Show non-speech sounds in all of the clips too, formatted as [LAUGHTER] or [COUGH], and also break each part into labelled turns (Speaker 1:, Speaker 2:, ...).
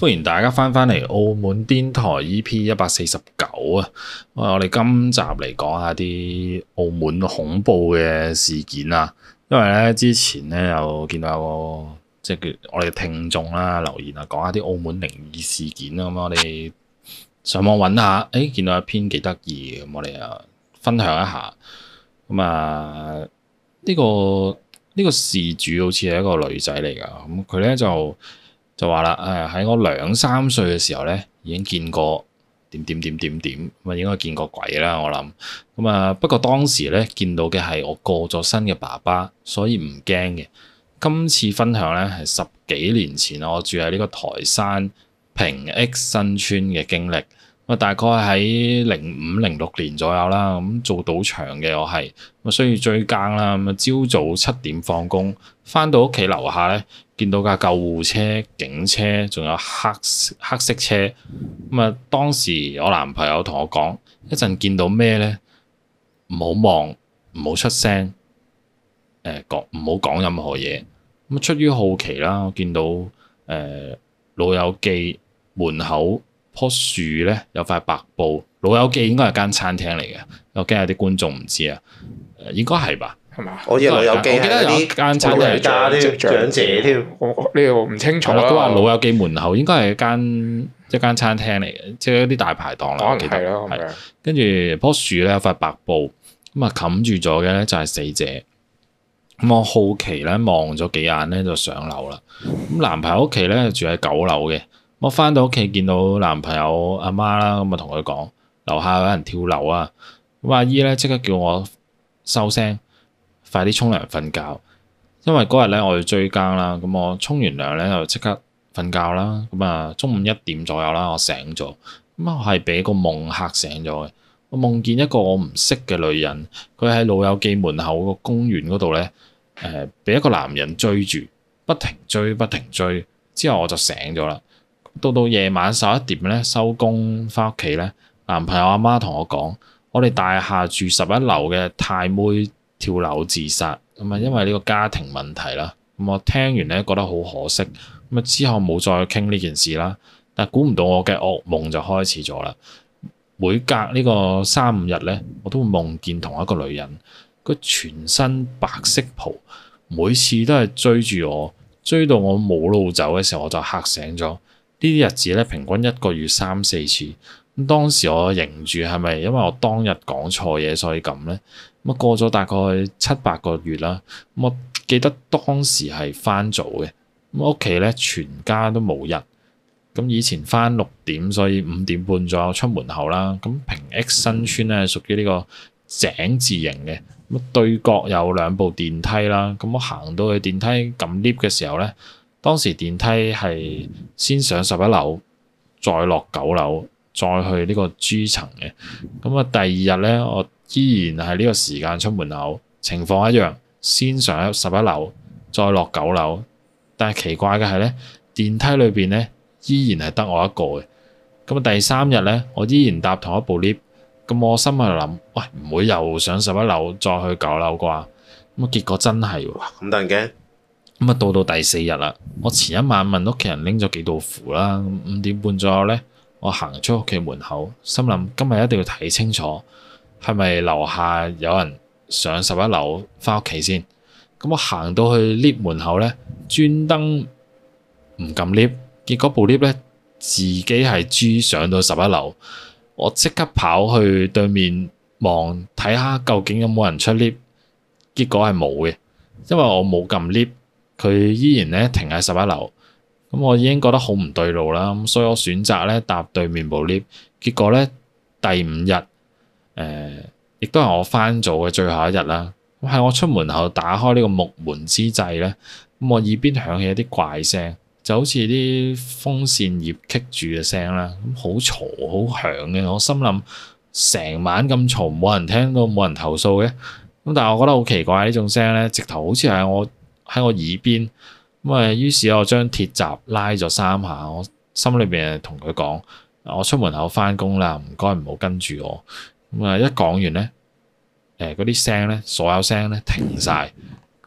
Speaker 1: 歡迎大家翻返嚟澳門癲台 EP 一百四十九啊！我哋今集嚟講下啲澳門恐怖嘅事件啊，因為咧之前咧又見到有個即係我哋嘅聽眾啦留言啊，講下啲澳門靈異事件啊。咁我哋上網揾下，誒、哎、見到一篇幾得意嘅，咁我哋又分享一下。咁啊、呢個，呢個呢個事主好似係一個女仔嚟噶，咁佢咧就。就話啦，誒喺我兩三歲嘅時候咧，已經見過點點點點點，咪應該見過鬼啦我諗。咁啊，不過當時咧見到嘅係我過咗身嘅爸爸，所以唔驚嘅。今次分享咧係十幾年前我住喺呢個台山平益新村嘅經歷。啊，大概喺零五零六年左右啦，咁做賭場嘅我係，咁所以最驚啦。咁啊，朝早七點放工，翻到屋企樓下咧，見到架救護車、警車，仲有黑黑色車。咁啊，當時我男朋友同我講，一陣見到咩咧，唔好望，唔好出聲，誒講唔好講任何嘢。咁啊，出於好奇啦，我見到誒、呃、老友記門口。棵樹咧有塊白布，老友記應該係間餐廳嚟嘅，我驚有啲觀眾唔知啊，應該係吧？係
Speaker 2: 嘛？我以為老友記我驚有間餐廳係長長者添，呢個唔清楚啦。都話老
Speaker 1: 友記門口應該係一間一間餐廳嚟嘅，即係一啲大排檔啦。我記得係。跟住棵樹咧有塊白布，咁啊冚住咗嘅咧就係死者。咁我好奇咧望咗幾眼咧就上樓啦。咁男朋友屋企咧住喺九樓嘅。我返到屋企，見到男朋友阿媽啦，咁啊，同佢講樓下有人跳樓啊。咁阿姨咧即刻叫我收聲，快啲沖涼瞓覺。因為嗰日咧我要追更啦，咁我沖完涼咧就即刻瞓覺啦。咁、嗯、啊，中午一點左右啦，我醒咗，咁啊我係俾個夢嚇醒咗嘅。我夢見一個我唔識嘅女人，佢喺老友記門口個公園嗰度咧，誒、呃、俾一個男人追住，不停追不停追。之後我就醒咗啦。到到夜晚十一點咧收工返屋企咧，男朋友阿媽同我講：我哋大廈住十一樓嘅太妹跳樓自殺，咁啊因為呢個家庭問題啦。咁我聽完咧覺得好可惜，咁啊之後冇再傾呢件事啦。但估唔到我嘅噩夢就開始咗啦。每隔呢個三五日咧，我都會夢見同一個女人，佢全身白色袍，每次都係追住我，追到我冇路走嘅時候，我就嚇醒咗。呢啲日子咧，平均一個月三四次。咁當時我認住係咪因為我當日講錯嘢所以咁呢？咁啊過咗大概七八個月啦。咁我記得當時係翻早嘅。咁屋企咧全家都冇人。咁以前翻六點，所以五點半左右出門口啦。咁平息新村咧係屬於呢個井字型嘅。咁對角有兩部電梯啦。咁我行到去電梯撳 lift 嘅時候咧。當時電梯係先上十一樓，再落九樓，再去呢個 G 層嘅。咁啊，第二日咧，我依然係呢個時間出門口，情況一樣，先上十一樓，再落九樓。但係奇怪嘅係咧，電梯裏邊咧依然係得我一個嘅。咁啊，第三日咧，我依然搭同一部 lift。咁我心喺度諗，喂，唔會又上十一樓再去九樓啩？咁啊，結果真係喎。咁突然驚？咁啊，到到第四日啦，我前一晚問屋企人拎咗幾道符啦，五點半左右咧，我行出屋企門口，心諗今日一定要睇清楚，係咪樓下有人上十一樓返屋企先？咁我行到去 lift 門口咧，專登唔撳 lift，結果部 lift 咧自己係豬上到十一樓，我即刻跑去對面望睇下究竟有冇人出 lift，結果係冇嘅，因為我冇撳 lift。佢依然咧停喺十一樓，咁、嗯、我已經覺得好唔對路啦，咁所以我選擇咧搭對面部 lift，結果咧第五日，誒亦都係我翻早嘅最後一日啦。咁、嗯、喺我出門口打開呢個木門之際咧，咁、嗯、我耳邊響起一啲怪聲，就好似啲風扇葉棘住嘅聲啦，咁好嘈好響嘅。我心諗成晚咁嘈，冇人聽到，冇人投訴嘅。咁、嗯、但係我覺得好奇怪呢種聲咧，直頭好似係我，喺我耳邊咁啊，於是啊，我將鐵閘拉咗三下，我心裏邊同佢講：我出門口返工啦，唔該唔好跟住我。咁、嗯、啊，一講完咧，誒嗰啲聲咧，所有聲咧停晒。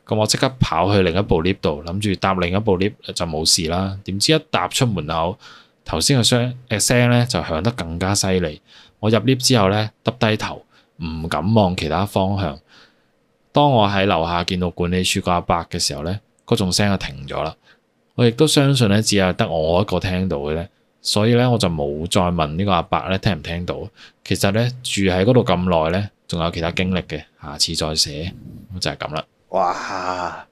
Speaker 1: 咁我即刻跑去另一部 lift 度，諗住搭另一部 lift 就冇事啦。點知一踏出門口，頭先個聲誒聲咧就響得更加犀利。我入 lift 之後咧，耷低頭，唔敢望其他方向。當我喺樓下見到管理處個阿伯嘅時候呢，嗰種聲就停咗啦。我亦都相信呢，只有得我一個聽到嘅呢。所以呢，我就冇再問呢個阿伯呢聽唔聽到。其實呢，住喺嗰度咁耐呢，仲有其他經歷嘅，下次再寫就係咁啦。
Speaker 3: 哇！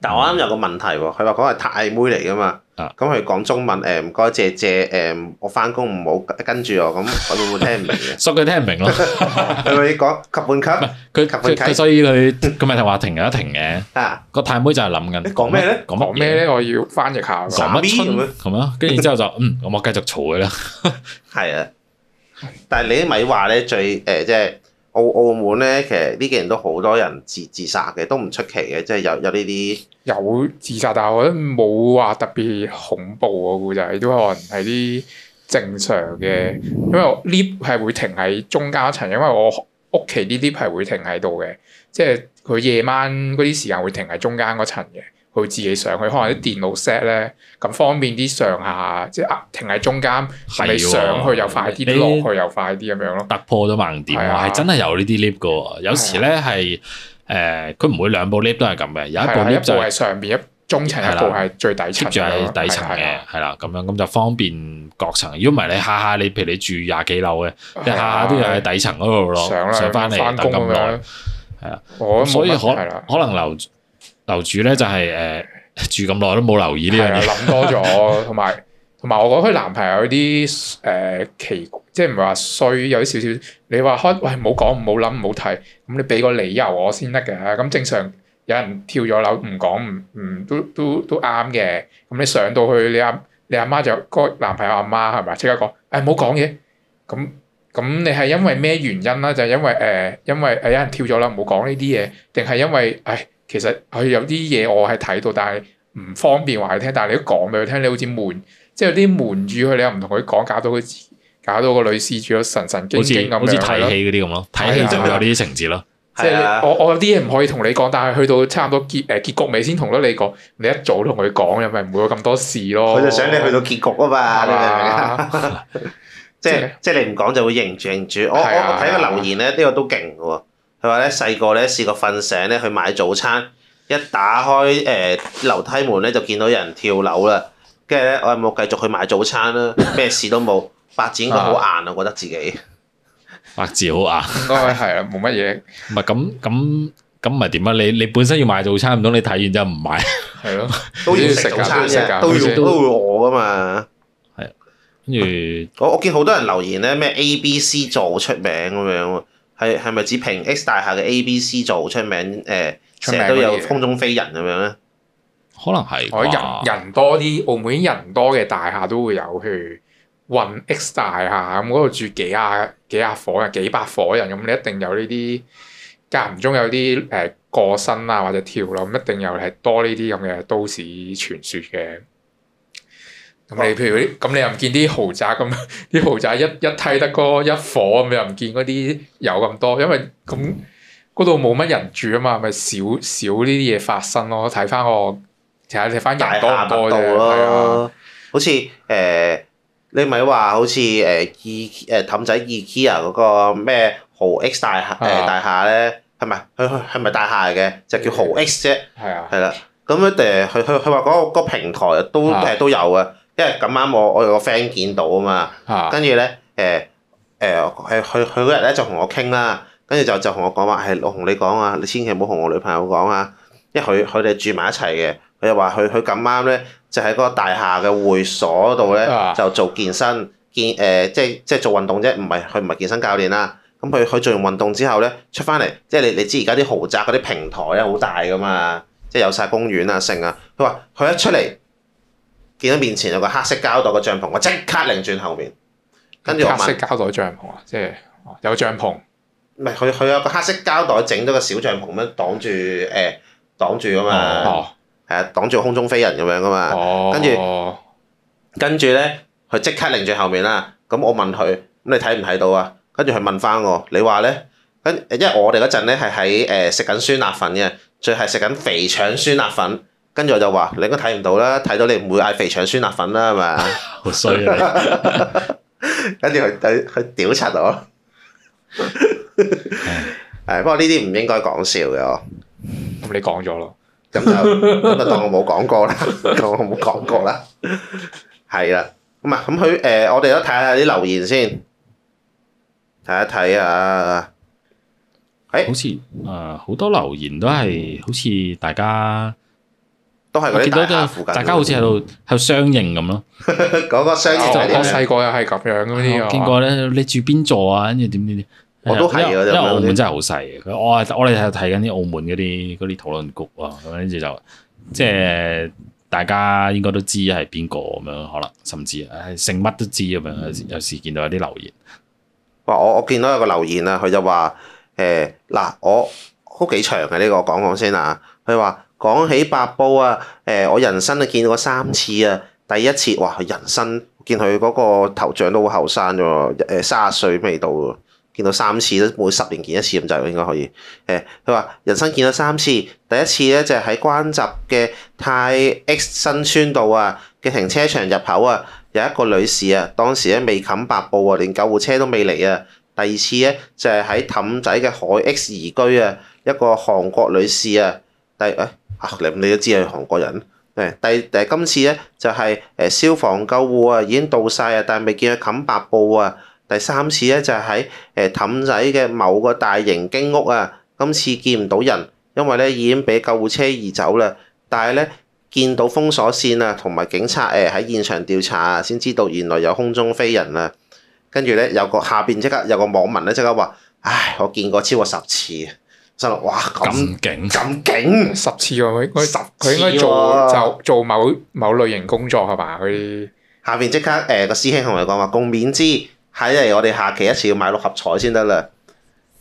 Speaker 3: 但係我啱啱有個問題喎，佢話嗰個係泰妹嚟噶嘛，咁佢講中文誒唔該謝謝誒，我翻工唔好跟住我，咁會唔會聽唔明？所以佢聽唔明咯，係咪要講吸半吸？佢佢佢所
Speaker 1: 以佢佢咪係話停一停嘅，啊個泰妹就係諗緊你講咩咧？講咩咧？我要翻譯下。講乜春咩？咁啊，跟住之
Speaker 3: 後就嗯，我繼續嘈佢啦。係啊，但係你一咪話咧最誒即係。澳澳門咧，其實呢幾年都好多人自自殺嘅，都唔出奇嘅，即係有有呢啲。有自殺，但係我覺得冇話特別
Speaker 2: 恐怖喎，我估都可能係啲正常嘅，因為 lift 係會停喺中間層，因為我屋企呢啲 lift 係會停喺度嘅，即係佢夜晚嗰啲時間會停喺中間嗰層嘅。佢自己上去，可能啲電腦 set 咧，咁方便啲上下，即係停喺中間，係咪上去又快啲，落去又快啲咁
Speaker 1: 樣咯？突破咗盲點啊，係真係有呢啲 lift 嘅。有時咧係誒，佢唔會兩部 lift 都係咁嘅，有一部 lift 就係上邊一中層，一部係最底 keep 住係底層嘅，係啦，咁樣咁就方便各層。如果唔係你下下你譬如你住廿幾樓嘅，一下下都要喺底層嗰度咯，上翻嚟等咁耐。係啊，所以可可能留。樓主咧就係、是、誒、呃、住咁耐都冇留意呢樣嘢，諗、啊、多咗，
Speaker 2: 同埋同埋我覺得佢男朋友有啲誒、呃、奇，即係唔係話衰，有啲少少。你話開喂，唔好講，唔好諗，唔好睇，咁你俾個理由我先得嘅。咁、嗯、正常有人跳咗樓，唔講唔唔都都都啱嘅。咁、嗯、你上到去你阿、啊、你阿媽就嗰個男朋友阿媽係咪？即刻講，誒唔好講嘢。咁、哎、咁你係因為咩原因啦？就係、因為誒、呃、因為誒有人跳咗啦，唔好講呢啲嘢，定係因為誒？哎其實佢有啲嘢我係睇到，但係唔方便話你聽。但係你都講俾佢聽，你好似瞞，即係有啲瞞住佢，你又唔同佢講，搞到佢搞到個女事主咗神神經經咁好似睇戲嗰啲咁
Speaker 1: 咯，睇戲就有呢啲情節咯。即
Speaker 2: 係、哎就是、我我有啲嘢唔可以同你講，但係去到差唔多結誒結局未先同咗你講。你一早同佢講，又咪唔會有咁多事咯。佢就想你去到
Speaker 3: 結局啊嘛，啊你 [LAUGHS] 即係、就是、即係你唔講就會認住認住、哎呀。我睇個留言咧，呢個都勁嘅喎。哎佢話咧細個咧試過瞓醒咧去買早餐，一打開誒樓梯門咧就見到有人跳樓啦。跟住咧我有冇繼續去買早餐啦，咩事都冇，發展到好硬啊，覺得自己
Speaker 1: 發展好硬。應
Speaker 3: 該係啊，冇乜嘢。
Speaker 1: 唔係咁咁咁咪點啊？你你本身要買早餐，唔通你睇完就唔買？係咯，都要食早餐嘅，都要都
Speaker 3: 會餓噶嘛。係啊，跟住我我見好多人留言咧，咩 A、B、C 座出名咁樣喎。係係咪只平 X 大廈嘅 A、B、C 做出名？誒、呃，出名都有空中飛人咁樣咧？
Speaker 1: 可能係，我人
Speaker 3: 人多啲，澳門人
Speaker 2: 多嘅大廈都會有去運 X 大廈咁，嗰度住幾啊幾啊伙人，幾百伙人咁，你一定有呢啲間唔中有啲誒、呃、過身啊或者跳樓，一定又係多呢啲咁嘅都市傳說嘅。咁你譬如啲，咁你又唔見啲豪宅咁，啲豪宅一一梯得嗰一火，咁，你又唔見嗰啲有咁多，因為咁嗰度冇乜人住啊嘛，咪少
Speaker 3: 少呢啲嘢發生咯。睇翻我睇下睇翻人多唔多啫。好似誒，你咪話好似誒意誒氹仔意 k i 嗰個咩豪 X 大誒大廈咧？係咪？佢佢係咪大廈嘅？就叫豪 X 啫。係啊。係啦。咁誒，佢佢佢話嗰個平台都都有啊。因為咁啱我我有個 friend 見到啊嘛，啊呢呃呃、跟住咧誒誒佢佢嗰日咧就同我傾啦，跟住就就同我講話係我同你講啊，你千祈唔好同我女朋友講啊，因為佢佢哋住埋一齊嘅，佢又話佢佢咁啱咧就喺嗰個大廈嘅會所度咧就做健身健誒、呃、即係即係做運動啫，唔係佢唔係健身教練啦，咁佢佢做完運動之後咧出翻嚟，即係你你知而家啲豪宅嗰啲平台咧好大噶嘛，嗯、即係有晒公園啊剩啊，佢話佢一出嚟。見到面前有個黑色膠袋嘅帳篷，我即刻擰轉後面。跟住黑色膠袋帳篷啊，即係有帳篷，唔係佢佢有個黑色膠袋整咗個小帳篷咁樣擋住誒，擋住噶、欸、嘛，係啊、哦，擋住空中飛人咁樣噶嘛。哦、跟住跟住咧，佢即刻擰轉後面啦。咁我問佢，咁你睇唔睇到啊？跟住佢問翻我，你話咧，跟因為我哋嗰陣咧係喺誒食緊酸辣粉嘅，最係食緊肥腸酸辣粉。跟住我就話：你應該睇唔到啦，睇到你唔會嗌肥腸酸辣粉啦，係咪？好衰啊！跟住佢佢佢調查我，係不過呢啲唔應該講笑嘅。咁你講咗咯，咁就咁就當我冇講過啦，當我冇講過啦。係啦，唔係咁佢誒，我哋都睇下啲留言先，睇一睇啊！好似誒好多留言都係
Speaker 1: 好似大家。都係嗰啲附近，大家好似喺度喺度相認咁咯。
Speaker 2: 嗰個相認啲 [LAUGHS] 我細個又係咁樣嗰
Speaker 1: 啲啊。 [LAUGHS] 見過咧？你住邊座啊？跟住點點點？我都係， [LAUGHS] 因為澳門真係好細嘅。我我哋係睇緊啲澳門嗰啲啲討論局啊，咁跟住就即、係、係大家應該都知係邊個咁樣，可能甚至誒姓乜都知咁樣。有時見到有啲留言，
Speaker 3: 哇！我我見到有個留言啊，佢就話誒嗱，我好幾長嘅呢、呢個，講講先啊。佢話。講起白布啊，誒我人生都見過三次啊！第一次哇，人生見佢嗰個頭像都好後生啫喎，誒卅歲未到喎，見到三次都每十年見一次咁就應該可以。佢、哎、話人生見咗三次，第一次咧就係喺關閘嘅太 X 新村度啊嘅停車場入口啊，有一個女士啊，當時咧未冚白布喎，連救護車都未嚟啊。第二次咧就係喺氹仔嘅海 X 怡居啊，一個韓國女士啊，第誒。哎啊、你都知係韓國人，誒第第今次咧就係、係、誒消防救護啊已經到晒啊，但係未見佢冚白布啊。第三次咧就喺誒氹仔嘅某個大型經屋啊，今次見唔到人，因為咧已經俾救護車移走啦。但係咧見到封鎖線啊，同埋警察誒喺現場調查啊，先知道原來有空中飛人啊。跟住咧有個下邊即刻有個網民咧即刻話：「唉，我見過超過十次。哇！咁勁，咁
Speaker 2: 勁，十次佢佢十，佢應該做就
Speaker 3: 做某某類型工作係嘛？佢下面即刻誒個師兄同我講話，共勉之，睇嚟，我哋下期一次要買六合彩先得啦。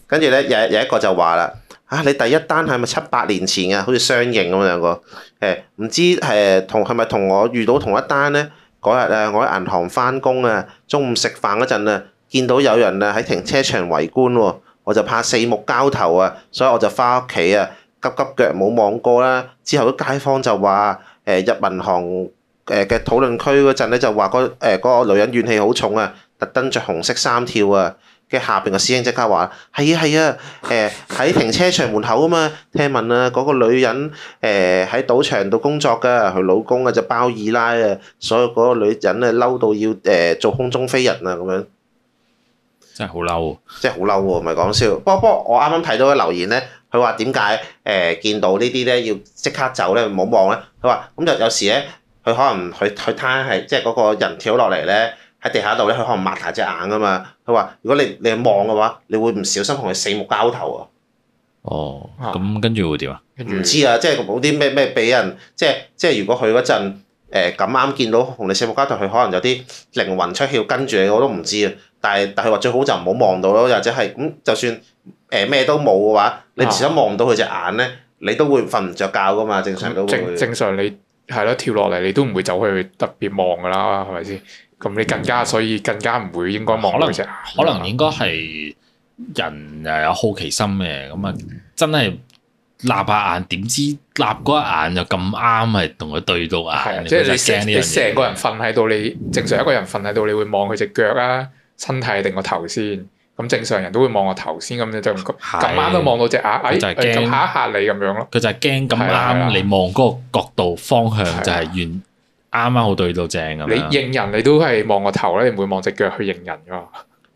Speaker 3: 跟住咧，有有一個就話啦，啊你第一單係咪七八年前啊？好似雙贏咁樣個誒，唔知誒同係咪同我遇到同一單咧？嗰日啊，我喺銀行翻工啊，中午食飯嗰陣啊，見到有人啊喺停車場圍觀喎。我就怕四目交投啊，所以我就翻屋企啊，急急腳冇望過啦、啊。之後啲街坊就話，誒、呃、入銀行誒嘅討論區嗰陣咧就話、那個誒嗰、呃那個女人怨氣好重啊，特登着紅色衫跳啊，跟住下邊個師兄即刻話，係啊係啊，誒喺、呃、停車場門口啊嘛，聽聞啊嗰、那個女人誒喺、呃、賭場度工作㗎，佢老公啊就包二奶啊，所以嗰個女人咧嬲到要誒、呃、做空中飛人啊咁樣。真係好嬲，真係好嬲喎！唔係講笑。不過不過，我啱啱睇到嘅留言咧，佢話點解誒見到呢啲咧要即刻走咧？唔好望咧。佢話咁就有時咧，佢可能佢佢攤係即係嗰個人跳落嚟咧，喺地下度咧，佢可能擘大隻眼㗎嘛。佢話如果你你望嘅話，你會唔小心同佢四目交投啊。哦，
Speaker 1: 咁跟住會點啊？唔、啊、
Speaker 3: 跟住知啊，即係冇啲咩咩俾人，即係即係如果佢嗰陣誒咁啱見到同你四目交投，佢可能有啲靈魂出竅跟住你，我都唔知啊。但係，但係話最好就唔好望到咯，或者係咁、嗯，就算誒咩、呃、都冇嘅話，你至少望到佢隻眼咧，啊、你都會瞓唔着覺噶嘛，正常都正，正常你係咯，跳落嚟你都唔會走去特別望
Speaker 2: 噶啦，係咪先？咁你更加所以更加唔會應該望佢隻。可能
Speaker 1: 應該係人又有好奇心嘅，咁啊、嗯嗯、真係立下眼，點知立嗰一眼就咁啱係同佢對到啊！即係你成你成個人
Speaker 2: 瞓喺度，你正常一個人瞓喺度，你會望佢隻腳啊。身體定個頭先，咁正常人都會望個頭先，咁你就咁啱是都望到隻眼，就係驚嚇一嚇你咁樣咯。
Speaker 1: 佢就係驚咁啱你望嗰個角度方向就係完啱啱好對到正咁。你認
Speaker 3: 人你都係望個頭咧，你唔會望、哦、隻腳去認人噶。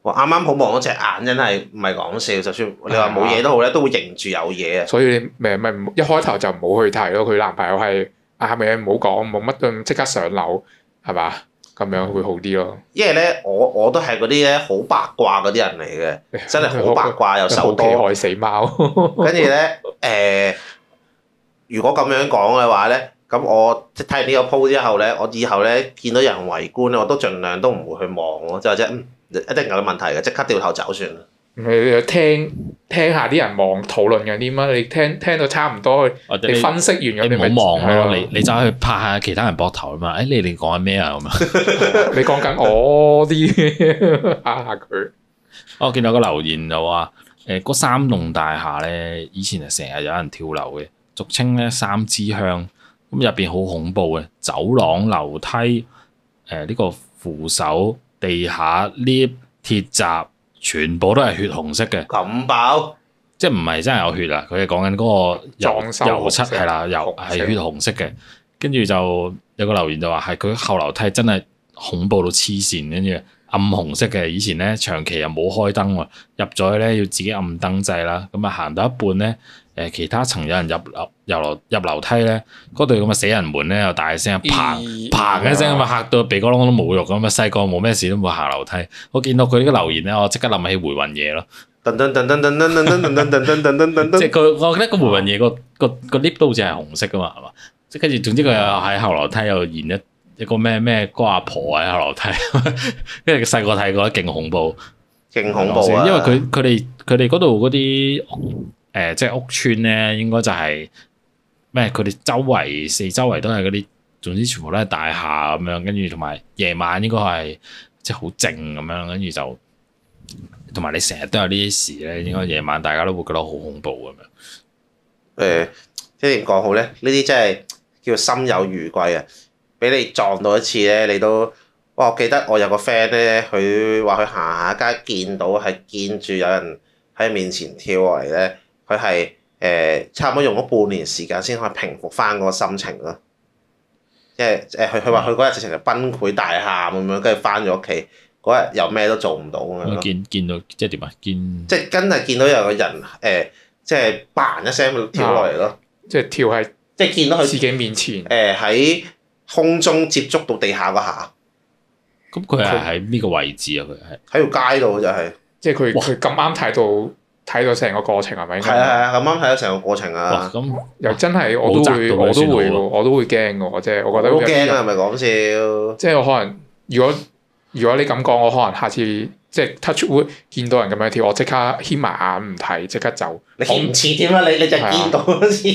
Speaker 3: 我啱啱好望到隻眼，真係唔係講笑。就算你話冇嘢都好咧，都會認住有嘢。所以你咪一開
Speaker 2: 頭就唔好去睇咯。佢男朋友係啱嘅，唔好講冇乜都即刻上樓，係嘛？
Speaker 3: 咁樣會好啲咯，因為咧，我我都係嗰啲咧好八卦嗰啲人嚟嘅， [LAUGHS] 真係好八卦又手多，害死貓。跟住咧，誒，如果咁樣講嘅話咧，咁我即睇完呢個鋪之後咧，我以後咧見到人圍觀我都盡量都唔會去望咯，即係即一定有問題嘅，即刻掉頭走算啦。
Speaker 2: 你又聽，聽下啲人望討論緊啲乜，你聽聽到差唔多，你，
Speaker 1: 你分析完咗你咪望咯，你你走去拍下其他人膊頭啊嘛。誒、哎，你哋講緊咩啊？咁啊，你講緊我啲嚇嚇佢。我見到個留言就話，誒、呃、嗰三棟大廈咧，以前係成日有人跳樓嘅，俗稱咧三支香。咁入邊好恐怖嘅走廊、樓梯、誒、呃、呢、這個扶手、地下啲 lift 鐵閘，全部都係血紅色嘅，咁爆，即係唔係真係有血啊？佢係講緊嗰個油，油漆係啦，油係色血紅色嘅。跟住就有個留言就話係佢後樓梯真係恐怖到黐線，跟住暗紅色嘅。以前咧長期又冇開燈喎，入咗去咧要自己暗燈制啦。咁啊行到一半咧。誒，其他層有人入樓遊入樓梯咧，嗰對咁嘅死人門咧，又大聲，砰砰一聲咁啊，嚇到鼻哥窿都冇肉咁啊！細個冇咩事都冇下樓梯。我見到佢呢個留言咧，我即刻諗起回魂夜咯。即係佢，我覺得回個回魂夜個個個 lift 都好似係紅色噶嘛，係嘛？即跟住總之佢又喺後樓梯又燃一一個咩咩哥阿婆喺後樓梯，跟住細個睇過覺得勁恐怖，勁恐怖、啊、因為佢佢哋佢哋嗰度嗰啲。誒、呃，即係屋村咧，應該就係、是、咩？佢哋周圍四周圍都係嗰啲，總之全部都係大廈咁樣。跟住同埋夜晚應該係即係好靜咁樣，跟住就同埋你成
Speaker 3: 日都有呢啲事咧。應該夜晚大家都會覺得好恐怖咁樣。誒、嗯，即係點講好咧？呢啲真係叫心有餘悸啊！俾你撞到一次咧，你都哇、哦！我記得我有個 friend 咧，佢話佢行下街見到係見住有人喺面前跳落嚟咧。佢係誒差唔多用咗半年時間先可以平復翻嗰個心情咯，即係誒佢佢話佢嗰日直情係崩潰大喊咁樣，跟住翻咗屋企嗰日又咩都做唔到咁樣咯。見，
Speaker 1: 見到即係點啊？見，
Speaker 3: 即係今日見到有個人誒、呃，即係嘭一聲跳落嚟咯，即係跳喺，即係見到佢自己面前誒喺、呃、空中接觸到地下嗰下。
Speaker 1: 咁佢佢，喺
Speaker 3: 呢個位置啊？佢係喺條街度就係、是，即係佢佢
Speaker 2: 咁啱睇到。睇到成個過程係咪？係啊係啊，咁啱睇到成個過程啊！咁又真係我都會，我都會，我都會驚嘅即係我覺得好驚啊！係咪講
Speaker 3: 笑？即係
Speaker 2: 我可能，如果如果你咁講，我可能下次即係 touch wood 見到人咁樣跳，我即刻掀埋眼唔睇，即刻走。你唔遲點啦，你你就見到
Speaker 3: 先。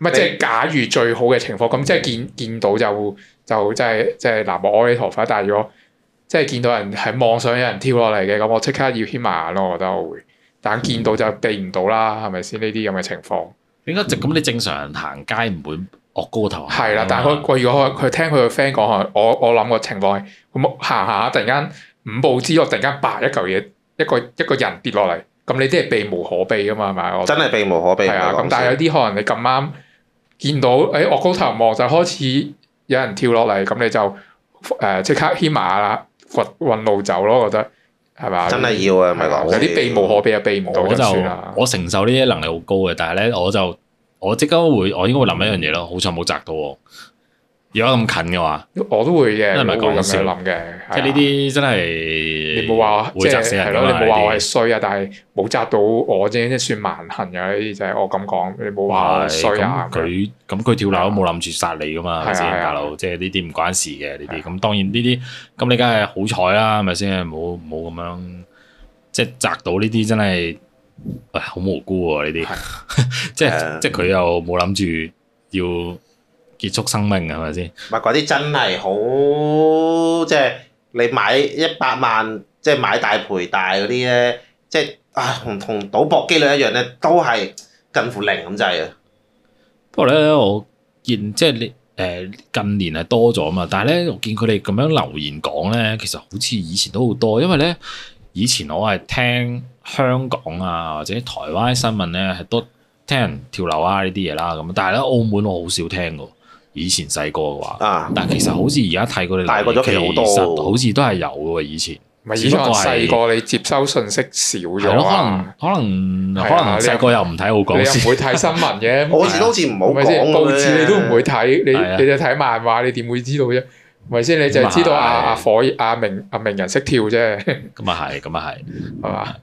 Speaker 2: 唔係即係假如最好嘅情況，咁即係見見到就就即係即係南無阿彌陀佛，但係如果即係見到人喺望上有人跳落嚟嘅，咁我即刻要掀埋眼咯，我覺得我會。但見到就避唔到啦，係咪先呢啲咁嘅情況？點解直咁？你正常行街唔會惡高頭、嗯。係啦，但係我我如果佢聽佢個 friend 講，我我諗個情況係：佢行行下，突然間五步之內，突然間啪一嚿嘢，一個一個人跌落嚟。咁你都係避無可避㗎嘛？係咪？真係避無可避。係啊的，咁但係有啲可能你咁啱見到，誒、哎、惡高頭望就開始有人跳落嚟，咁你就誒即刻牽馬啦，揾路走咯，我覺得。係嘛？真係要啊，啊有啲避無可
Speaker 1: 避啊，避無可算，我承受呢啲能力好高嘅，但係咧，我就我即刻會，我應該會諗一樣嘢咯。好彩冇砸到我。如果咁近嘅話，我都會
Speaker 2: 嘅，唔我咁樣諗嘅。即係呢啲真係，你冇話即係，係咯？你冇話我係衰啊，但係冇砸到我啫，即算萬幸嘅呢啲就係我咁講。你冇話衰啊？佢
Speaker 1: 咁佢跳樓都冇諗住殺你噶嘛？四層大樓，即係呢啲唔關事嘅呢啲。咁當然呢啲，咁你梗係好彩啦，係咪先？冇冇咁樣，即係砸到呢啲真係，唉，好無辜啊呢啲。即係即係佢又冇諗住要結束生命係咪先？
Speaker 3: 唔係嗰啲真係好，即係你買一百萬，即係買大賠大嗰啲咧，即係啊同同賭博機率一樣咧，都係近乎零咁滯啊！不
Speaker 1: 過咧，我見即係你誒近年係多咗嘛，但係咧，我見佢哋咁樣留言講咧，其實好似以前都好多，因為咧以前我係聽香港啊或者台灣新聞咧係多聽人跳樓啊呢啲嘢啦咁，但係咧澳門我好少聽㗎。以前細個嘅話，但係其實好似而家睇過你大個咗其實好多，好似都係有嘅以前。咪以前係細個
Speaker 2: 你接收信息，少咗可能可能可能細個又唔睇好講你又唔會睇新聞嘅。報紙都好似唔好講，報紙你都唔會睇，你你只睇漫畫，你點會知道啫？咪先，你就係知道阿阿火阿明阿名人識跳啫。咁啊係，咁啊係，係嘛？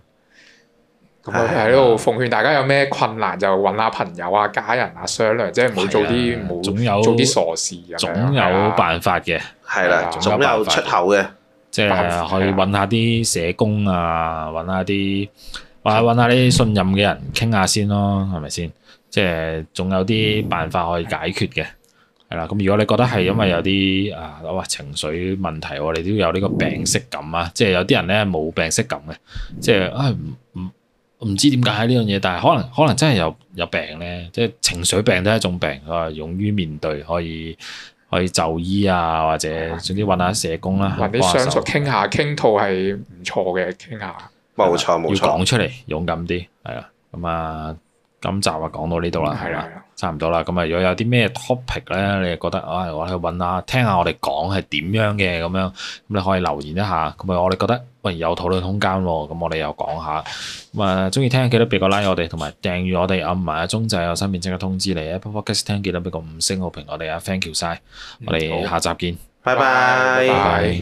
Speaker 2: 咁啊，喺度奉勸大家有咩困難就揾下朋友啊、家人啊商量，即係唔好做啲冇做啲傻
Speaker 1: 事啊。總有辦法嘅，係啦，總有出口嘅，即係去揾下啲社工啊，揾下啲或揾下啲信任嘅人傾下先咯，係咪先？即係總有啲辦法可以解決嘅，係啦。咁如果你覺得係因為有啲啊哇情緒問題，我哋都有呢個病識感啊，即係有啲人咧冇病識感嘅，即係啊唔唔。唔知點解呢樣嘢，但係可能可能真係有有病咧，即係情緒病都係一種病。啊，勇於面對，可以可以就醫啊，或者總之揾下社工啦。或者相熟
Speaker 2: 傾下傾吐係唔錯嘅，傾下冇錯冇錯，要講出
Speaker 1: 嚟，勇敢啲，係啊咁啊。今集啊，講到呢度啦，係啦，差唔多啦。咁啊，如果有啲咩 topic 咧，你又覺得啊，我去揾下，聽下我哋講係點樣嘅咁樣，咁你可以留言一下。咁啊，我哋覺得喂有討論空間喎，咁我哋又講下。咁啊，鍾意聽記得俾個 like 我哋，同埋訂閱我哋撳埋啊鐘仔，有身邊即刻通知你啊。不過聽記得俾個五星好評我哋啊，thank you 晒！我哋下集見，
Speaker 3: 拜拜。